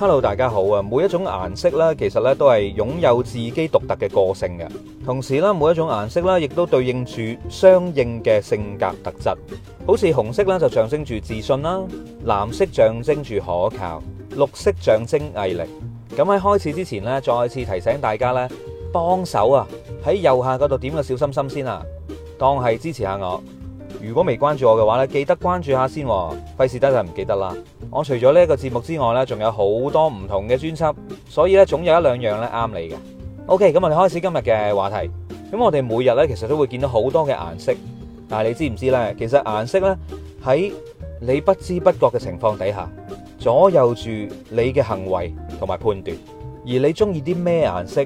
Hello，大家好啊！每一種顏色咧，其實咧都係擁有自己獨特嘅個性嘅。同時咧，每一種顏色咧，亦都對應住相應嘅性格特質。好似紅色咧，就象徵住自信啦；藍色象徵住可靠；綠色象徵毅力。咁喺開始之前呢，再一次提醒大家呢，幫手啊喺右下嗰度點個小心心先啊，當係支持下我。如果未關注我嘅話呢，記得關注下先啊，費事得就唔記得啦。我除咗呢個節目之外呢仲有好多唔同嘅專輯，所以呢，總有一兩樣呢啱你嘅。OK，咁我哋開始今日嘅話題。咁我哋每日呢，其實都會見到好多嘅顏色，但係你知唔知呢？其實顏色呢，喺你不知不覺嘅情況底下，左右住你嘅行為同埋判斷。而你中意啲咩顏色，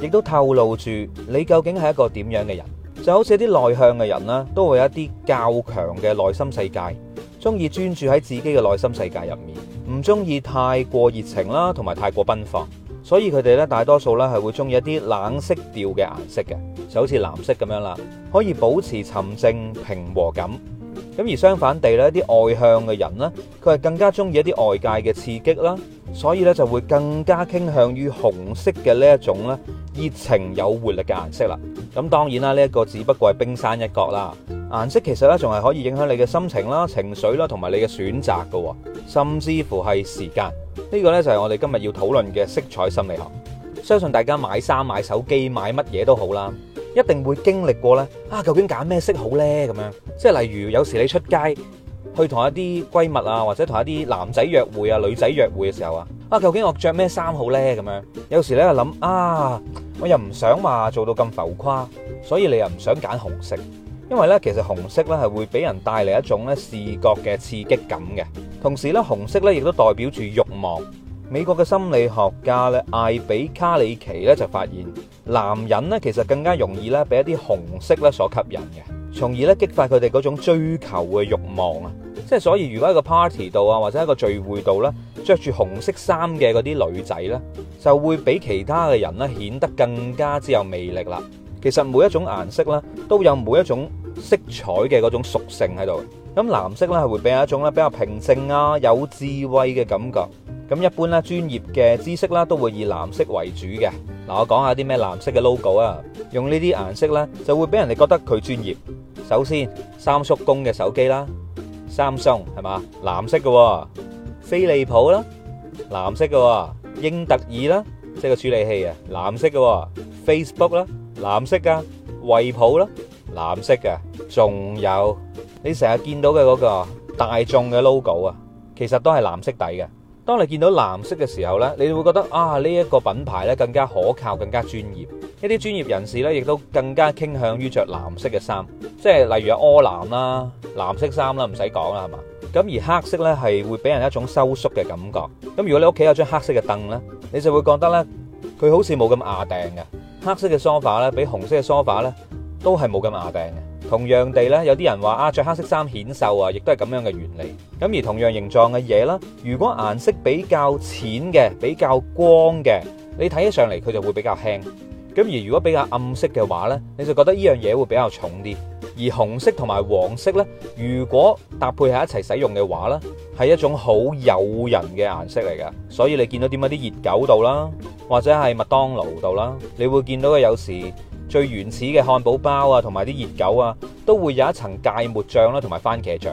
亦都透露住你究竟係一個點樣嘅人。就好似啲內向嘅人啦，都會有一啲較強嘅內心世界。中意專注喺自己嘅內心世界入面，唔中意太過熱情啦，同埋太過奔放，所以佢哋咧大多數咧係會中意一啲冷色調嘅顏色嘅，就好似藍色咁樣啦，可以保持沉靜平和感。咁而相反地呢，啲外向嘅人呢，佢係更加中意一啲外界嘅刺激啦，所以呢就會更加傾向於紅色嘅呢一種呢熱情有活力嘅顏色啦。咁當然啦，呢一個只不過係冰山一角啦。顏色其實呢仲係可以影響你嘅心情啦、情緒啦，同埋你嘅選擇㗎，甚至乎係時間。呢個呢就係我哋今日要討論嘅色彩心理學。相信大家買衫、買手機、買乜嘢都好啦。一定會經歷過呢？啊，究竟揀咩色好呢？咁樣，即係例如有時你出街去同一啲閨蜜啊，或者同一啲男仔約會啊、女仔約會嘅時候啊，啊，究竟我着咩衫好呢？咁樣，有時你就諗啊，我又唔想話做到咁浮誇，所以你又唔想揀紅色，因為呢，其實紅色呢係會俾人帶嚟一種呢視覺嘅刺激感嘅，同時呢，紅色呢亦都代表住慾望。美國嘅心理學家咧艾比卡里奇呢就發現。男人咧，其實更加容易咧，俾一啲紅色咧所吸引嘅，從而咧激發佢哋嗰種追求嘅慾望啊！即係所以，如果喺個 party 度啊，或者一個聚會度咧，着住紅色衫嘅嗰啲女仔咧，就會比其他嘅人咧顯得更加之有魅力啦。其實每一種顏色咧，都有每一種色彩嘅嗰種屬性喺度。咁藍色咧係會俾一種咧比較平靜啊、有智慧嘅感覺。咁一般啦，專業嘅知識啦，都會以藍色為主嘅。嗱，我講下啲咩藍色嘅 logo 啊，用呢啲顏色咧，就會俾人哋覺得佢專業。首先，三叔公嘅手機啦，三星係嘛，藍色嘅喎，飛利浦啦，藍色嘅喎，英特爾啦，即係個處理器啊，藍色嘅喎，Facebook 啦，藍色㗎，惠普啦，藍色嘅，仲有你成日見到嘅嗰個大眾嘅 logo 啊，其實都係藍色底嘅。當你見到藍色嘅時候呢，你就會覺得啊，呢一個品牌呢更加可靠，更加專業。一啲專業人士呢，亦都更加傾向於着藍色嘅衫，即係例如有柯藍啦，藍色衫啦，唔使講啦，係嘛。咁而黑色呢，係會俾人一種收縮嘅感覺。咁如果你屋企有張黑色嘅凳呢，你就會覺得呢，佢好似冇咁壓頂嘅。黑色嘅梳化呢，比紅色嘅梳化呢，都係冇咁壓頂嘅。同樣地咧，有啲人話啊，著黑色衫顯瘦啊，亦都係咁樣嘅原理。咁而同樣形狀嘅嘢啦，如果顏色比較淺嘅、比較光嘅，你睇起上嚟佢就會比較輕。咁而如果比較暗色嘅話呢，你就覺得呢樣嘢會比較重啲。而紅色同埋黃色呢，如果搭配喺一齊使用嘅話呢，係一種好誘人嘅顏色嚟噶。所以你見到點解啲熱狗度啦，或者係麥當勞度啦，你會見到嘅有時。最原始嘅漢堡包啊，同埋啲熱狗啊，都會有一層芥末醬啦、啊，同埋番茄醬。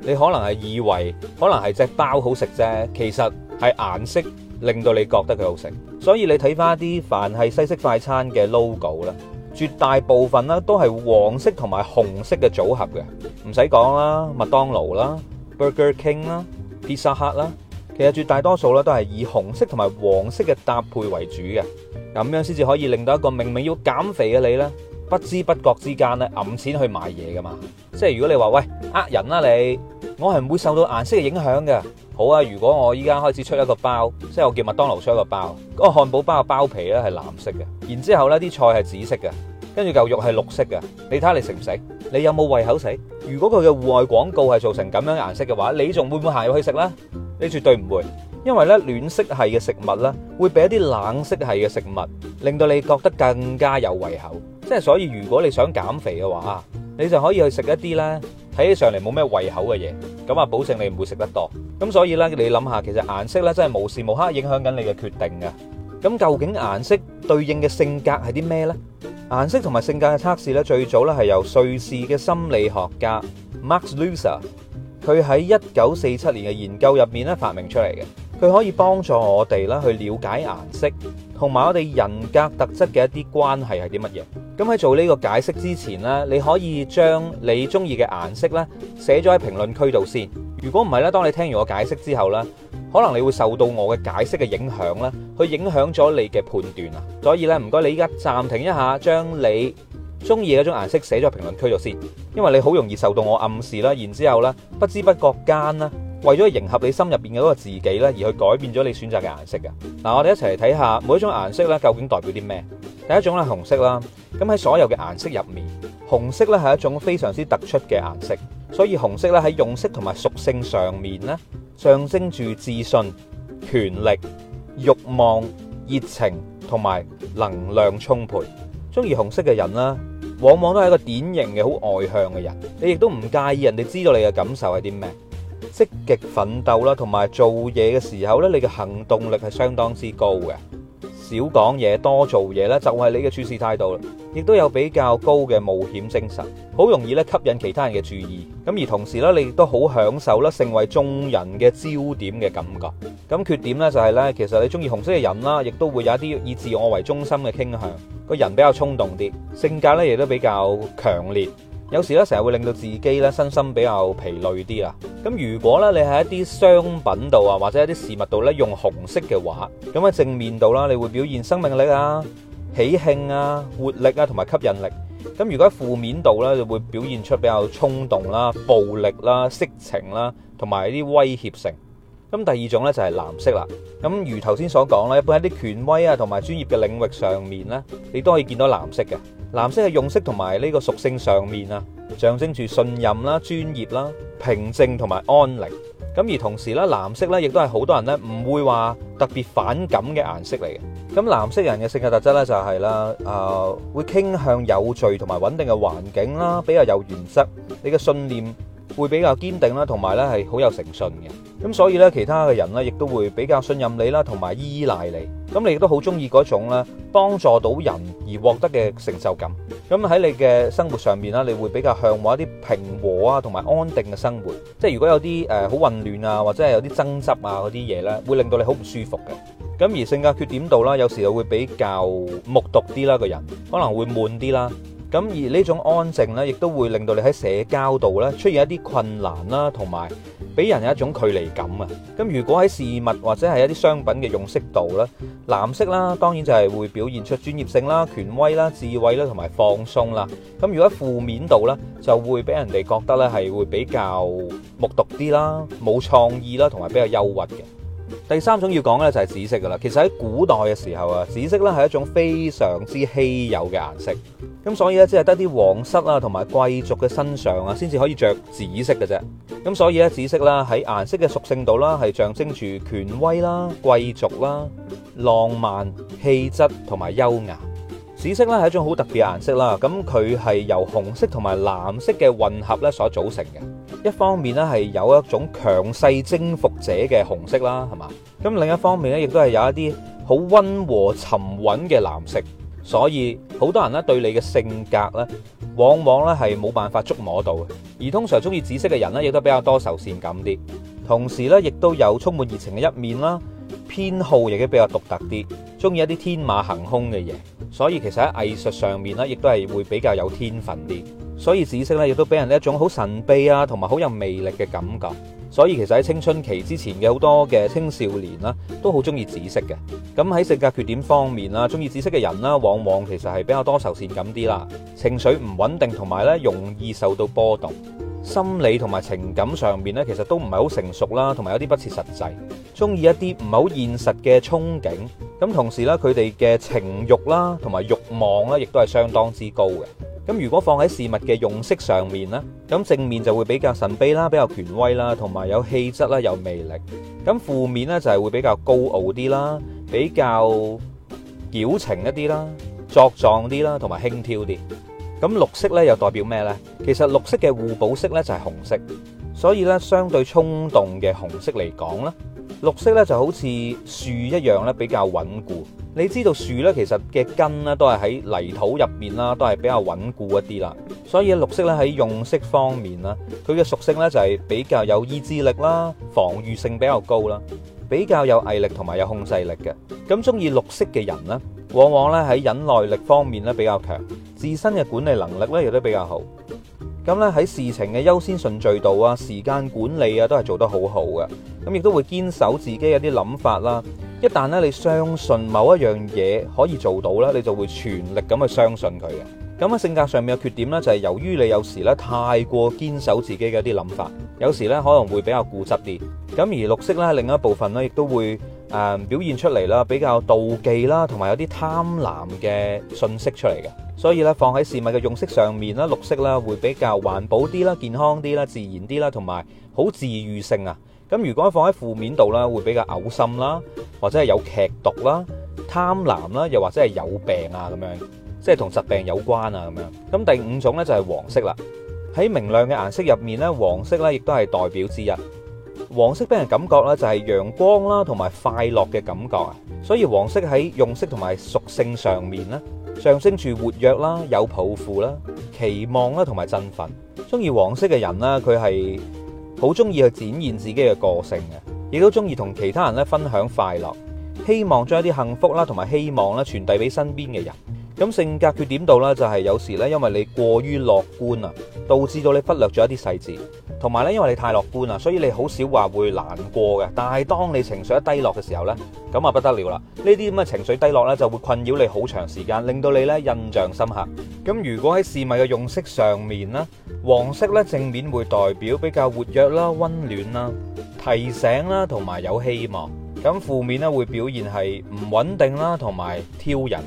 你可能係以為可能係隻包好食啫，其實係顏色令到你覺得佢好食。所以你睇返啲凡係西式快餐嘅 logo 啦、啊，絕大部分啦都係黃色同埋紅色嘅組合嘅。唔使講啦，麥當勞啦、啊、Burger King 啦，Pizza Hut 啦。其實絕大多數咧都係以紅色同埋黃色嘅搭配為主嘅，嗱咁樣先至可以令到一個明明要減肥嘅你呢，不知不覺之間呢，揞錢去買嘢噶嘛。即係如果你話喂，呃，人啦、啊、你，我係唔會受到顏色嘅影響嘅。好啊，如果我依家開始出一個包，即係我叫麥當勞出一個包，嗰個漢堡包嘅包皮呢係藍色嘅，然之後咧啲菜係紫色嘅。跟住嚿肉係綠色嘅，你睇下你食唔食？你有冇胃口食？如果佢嘅戶外廣告係做成咁樣顏色嘅話，你仲會唔會行入去食呢？你絕對唔會，因為呢暖色系嘅食物呢會俾一啲冷色系嘅食物，令到你覺得更加有胃口。即係所以，如果你想減肥嘅話，你就可以去食一啲呢睇起上嚟冇咩胃口嘅嘢，咁啊，保證你唔會食得多。咁所以呢，你諗下，其實顏色呢真係無時無刻影響緊你嘅決定嘅。咁究竟顏色對應嘅性格係啲咩呢？顏色同埋性格嘅測試咧，最早咧係由瑞士嘅心理學家 Max Lusser，佢喺一九四七年嘅研究入面咧發明出嚟嘅。佢可以幫助我哋咧去了解顏色同埋我哋人格特質嘅一啲關係係啲乜嘢。咁喺做呢個解釋之前咧，你可以將你中意嘅顏色咧寫咗喺評論區度先。如果唔係咧，當你聽完我解釋之後咧，可能你會受到我嘅解釋嘅影響咧，去影響咗你嘅判斷啊，所以咧唔該你依家暫停一下，將你中意嗰種顏色寫咗喺評論區度先，因為你好容易受到我暗示啦，然之後咧不知不覺間啦，為咗迎合你心入邊嘅嗰個自己咧，而去改變咗你選擇嘅顏色嘅。嗱，我哋一齊嚟睇下每一種顏色咧，究竟代表啲咩？第一種咧，紅色啦，咁喺所有嘅顏色入面，紅色咧係一種非常之突出嘅顏色。所以紅色咧喺用色同埋屬性上面咧，象徵住自信、權力、慾望、熱情同埋能量充沛。中意紅色嘅人咧，往往都係一個典型嘅好外向嘅人。你亦都唔介意人哋知道你嘅感受係啲咩。積極奮鬥啦，同埋做嘢嘅時候咧，你嘅行動力係相當之高嘅。少講嘢，多做嘢，就係你嘅處事態度，亦都有比較高嘅冒險精神，好容易吸引其他人嘅注意，咁而同時你亦都好享受成為眾人嘅焦點嘅感覺，咁缺點呢就係呢，其實你鍾意紅色嘅人啦，亦都會有一啲以自我為中心嘅傾向，個人比較衝動啲，性格呢亦都比較強烈。有時咧，成日會令到自己咧身心比較疲累啲啦。咁如果咧，你喺一啲商品度啊，或者一啲事物度咧，用紅色嘅話，咁喺正面度啦，你會表現生命力啊、喜慶啊、活力啊同埋吸引力。咁如果喺負面度咧，就會表現出比較衝動啦、暴力啦、色情啦同埋一啲威脅性。咁第二種咧就係藍色啦。咁如頭先所講啦，一般喺啲權威啊同埋專業嘅領域上面咧，你都可以見到藍色嘅。藍色嘅用色同埋呢個屬性上面啊，象徵住信任啦、專業啦、平靜同埋安寧。咁而同時咧，藍色咧亦都係好多人咧唔會話特別反感嘅顏色嚟嘅。咁藍色人嘅性格特質咧就係、是、啦，誒、呃、會傾向有序同埋穩定嘅環境啦，比較有原則，你嘅信念，會比較堅定啦，同埋咧係好有誠信嘅，咁所以咧其他嘅人咧亦都會比較信任你啦，同埋依賴你。咁你亦都好中意嗰種咧幫助到人而獲得嘅成就感。咁喺你嘅生活上面啦，你會比較向往一啲平和啊，同埋安定嘅生活。即係如果有啲誒好混亂啊，或者係有啲爭執啊嗰啲嘢咧，會令到你好唔舒服嘅。咁而性格缺點度啦，有時又會比較木篤啲啦，個人可能會悶啲啦。咁而呢種安靜呢，亦都會令到你喺社交度呢出現一啲困難啦，同埋俾人有一種距離感啊！咁如果喺事物或者係一啲商品嘅用色度咧，藍色啦，當然就係會表現出專業性啦、權威啦、智慧啦，同埋放鬆啦。咁如果負面度呢，就會俾人哋覺得呢係會比較木獨啲啦，冇創意啦，同埋比較憂鬱嘅。第三種要講呢就係紫色噶啦，其實喺古代嘅時候啊，紫色呢係一種非常之稀有嘅顏色，咁所以呢，只係得啲皇室啊，同埋貴族嘅身上啊，先至可以着紫色嘅啫。咁所以呢，紫色啦喺顏色嘅屬性度啦，係象徵住權威啦、貴族啦、浪漫、氣質同埋優雅。紫色呢係一種好特別嘅顏色啦，咁佢係由紅色同埋藍色嘅混合呢所組成嘅。一方面咧，係有一種強勢征服者嘅紅色啦，係嘛？咁另一方面咧，亦都係有一啲好温和沉穩嘅藍色，所以好多人咧，對你嘅性格咧，往往咧係冇辦法捉摸到嘅。而通常中意紫色嘅人咧，亦都比較多愁善感啲，同時咧，亦都有充滿熱情嘅一面啦，偏好亦都比較獨特啲，中意一啲天馬行空嘅嘢，所以其實喺藝術上面咧，亦都係會比較有天分啲。所以紫色咧，亦都俾人一種好神秘啊，同埋好有魅力嘅感覺。所以其實喺青春期之前嘅好多嘅青少年啦，都好中意紫色嘅。咁喺性格缺點方面啦，中意紫色嘅人啦，往往其實係比較多愁善感啲啦，情緒唔穩定，同埋咧容易受到波動，心理同埋情感上面咧，其實都唔係好成熟啦，同埋有啲不切實際，中意一啲唔係好現實嘅憧憬。咁同時咧，佢哋嘅情慾啦，同埋慾望咧，亦都係相當之高嘅。咁如果放喺事物嘅用色上面咧，咁正面就會比較神秘啦、比較權威啦，同埋有氣質啦、有魅力。咁負面咧就係會比較高傲啲啦，比較矯情一啲啦，作狀啲啦，同埋輕佻啲。咁綠色咧又代表咩咧？其實綠色嘅互補色咧就係紅色，所以咧相對衝動嘅紅色嚟講咧，綠色咧就好似樹一樣咧比較穩固。你知道樹咧，其實嘅根咧都係喺泥土入面啦，都係比較穩固一啲啦。所以綠色咧喺用色方面啦，佢嘅屬性咧就係比較有意志力啦，防禦性比較高啦，比較有毅力同埋有控制力嘅。咁中意綠色嘅人呢，往往咧喺忍耐力方面咧比較強，自身嘅管理能力呢亦都比較好。咁咧喺事情嘅優先順序度啊、時間管理啊，都係做得好好嘅。咁亦都會堅守自己嘅啲諗法啦。一旦咧你相信某一樣嘢可以做到咧，你就會全力咁去相信佢嘅。咁喺性格上面嘅缺點咧，就係由於你有時咧太過堅守自己嘅啲諗法，有時咧可能會比較固執啲。咁而綠色咧另一部分咧，亦都會。誒表現出嚟啦，比較妒忌啦，同埋有啲貪婪嘅信息出嚟嘅，所以咧放喺事物嘅用色上面啦，綠色啦會比較環保啲啦，健康啲啦，自然啲啦，同埋好治愈性啊。咁如果放喺負面度啦，會比較嘔心啦，或者係有劇毒啦、貪婪啦，又或者係有病啊咁樣，即係同疾病有關啊咁樣。咁第五種呢，就係黃色啦，喺明亮嘅顏色入面呢，黃色呢亦都係代表之一。黃色俾人感覺咧，就係陽光啦，同埋快樂嘅感覺啊，所以黃色喺用色同埋屬性上面咧，象徵住活躍啦、有抱負啦、期望啦，同埋振奮。中意黃色嘅人咧，佢係好中意去展現自己嘅個性嘅，亦都中意同其他人咧分享快樂，希望將一啲幸福啦，同埋希望咧傳遞俾身邊嘅人。咁性格缺點度咧就係有時咧，因為你過於樂觀啊，導致到你忽略咗一啲細節，同埋咧，因為你太樂觀啊，所以你好少話會難過嘅。但係當你情緒一低落嘅時候呢，咁啊不得了啦！呢啲咁嘅情緒低落呢，就會困擾你好長時間，令到你咧印象深刻。咁如果喺事物嘅用色上面咧，黃色呢正面會代表比較活躍啦、溫暖啦、提醒啦，同埋有希望。咁負面呢，會表現係唔穩定啦，同埋挑釁。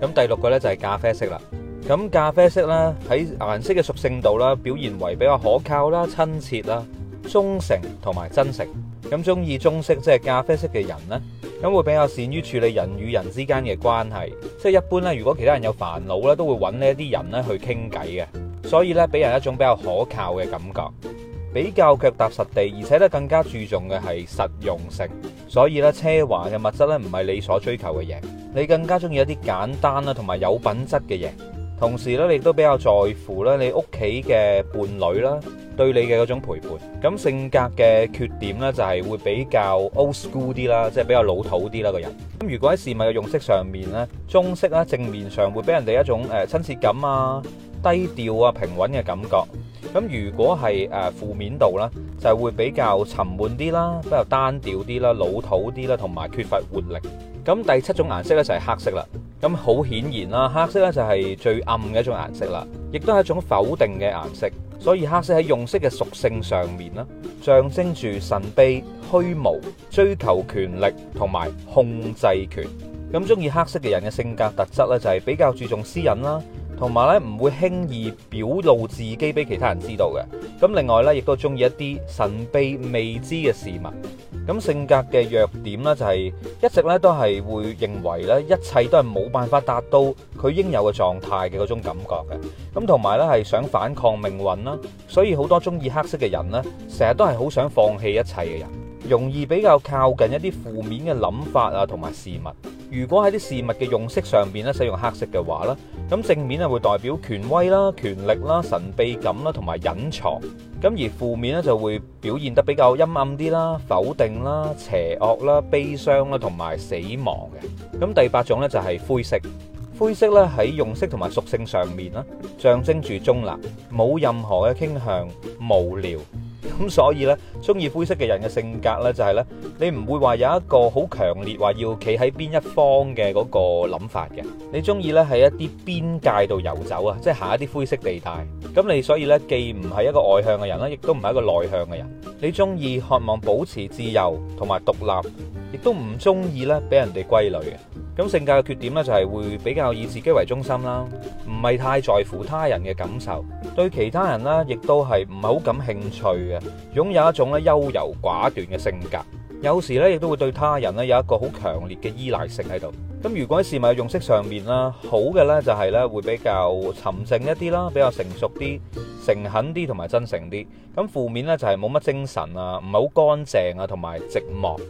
咁第六個呢，就係咖啡色啦。咁咖啡色咧喺顏色嘅屬性度啦，表現為比較可靠啦、親切啦、忠誠同埋真誠。咁中意棕色，即係咖啡色嘅人呢，咁會比較善於處理人與人之間嘅關係。即係一般呢，如果其他人有煩惱呢，都會揾呢啲人呢去傾偈嘅。所以呢，俾人一種比較可靠嘅感覺。比較腳踏實地，而且咧更加注重嘅係實用性，所以咧奢華嘅物質咧唔係你所追求嘅嘢，你更加中意一啲簡單啦，同埋有品質嘅嘢。同時咧，你亦都比較在乎咧你屋企嘅伴侶啦，對你嘅嗰種陪伴。咁性格嘅缺點咧就係會比較 old school 啲啦，即係比較老土啲啦個人。咁如果喺事物嘅用色上面咧，中式咧正面上會俾人哋一種誒親切感啊、低調啊、平穩嘅感覺。咁如果係誒負面度啦，就係會比較沉悶啲啦，比較單調啲啦，老土啲啦，同埋缺乏活力。咁第七種顏色呢，就係黑色啦。咁好顯然啦，黑色呢就係最暗嘅一種顏色啦，亦都係一種否定嘅顏色。所以黑色喺用色嘅屬性上面啦，象徵住神秘、虛無、追求權力同埋控制權。咁中意黑色嘅人嘅性格特質呢，就係比較注重私隱啦。同埋咧，唔會輕易表露自己俾其他人知道嘅。咁另外呢，亦都中意一啲神秘未知嘅事物。咁性格嘅弱點呢，就係一直咧都係會認為咧，一切都係冇辦法達到佢應有嘅狀態嘅嗰種感覺嘅。咁同埋呢，係想反抗命運啦。所以好多中意黑色嘅人呢，成日都係好想放棄一切嘅人，容易比較靠近一啲負面嘅諗法啊，同埋事物。如果喺啲事物嘅用色上面咧，使用黑色嘅話咧，咁正面咧會代表權威啦、權力啦、神秘感啦，同埋隱藏。咁而負面咧就會表現得比較陰暗啲啦、否定啦、邪惡啦、悲傷啦，同埋死亡嘅。咁第八種咧就係灰色，灰色咧喺用色同埋屬性上面咧，象徵住中立，冇任何嘅傾向，無聊。咁所以呢，中意灰色嘅人嘅性格呢，就係呢：你唔會話有一個好強烈話要企喺邊一方嘅嗰個諗法嘅。你中意呢喺一啲邊界度遊走啊，即係下一啲灰色地帶。咁你所以呢，既唔係一個外向嘅人啦，亦都唔係一個內向嘅人。你中意渴望保持自由同埋獨立。亦都唔中意咧，俾人哋歸類嘅。咁性格嘅缺點咧，就係、是、會比較以自己為中心啦，唔係太在乎他人嘅感受，對其他人呢，亦都係唔係好感興趣嘅，擁有一種咧優柔寡斷嘅性格。有時咧亦都會對他人咧有一個好強烈嘅依賴性喺度。咁如果喺事物用色上面啦，好嘅呢，就係咧會比較沉靜一啲啦，比較成熟啲、誠懇啲同埋真誠啲。咁負面呢，就係冇乜精神啊，唔係好乾淨啊，同埋寂寞。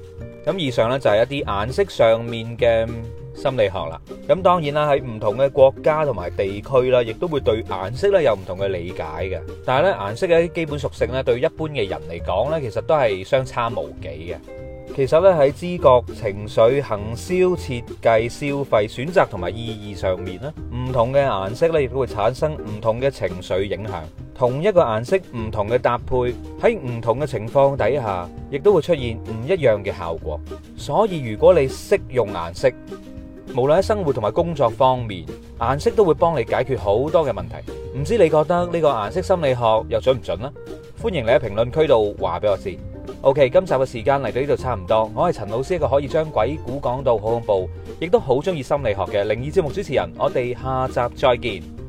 咁以上呢，就係一啲顏色上面嘅心理學啦。咁當然啦，喺唔同嘅國家同埋地區啦，亦都會對顏色呢有唔同嘅理解嘅。但係呢，顏色嘅基本屬性呢，對一般嘅人嚟講呢，其實都係相差無幾嘅。其實咧，喺知覺、情緒、行銷、設計、消費、選擇同埋意義上面咧，唔同嘅顏色咧亦都會產生唔同嘅情緒影響。同一個顏色，唔同嘅搭配喺唔同嘅情況底下，亦都會出現唔一樣嘅效果。所以如果你識用顏色，無論喺生活同埋工作方面，顏色都會幫你解決好多嘅問題。唔知你覺得呢個顏色心理學又準唔準呢？歡迎你喺評論區度話俾我知。OK，今集嘅時間嚟到呢度差唔多，我係陳老師，一個可以將鬼故講到好恐怖，亦都好中意心理學嘅靈異節目主持人，我哋下集再見。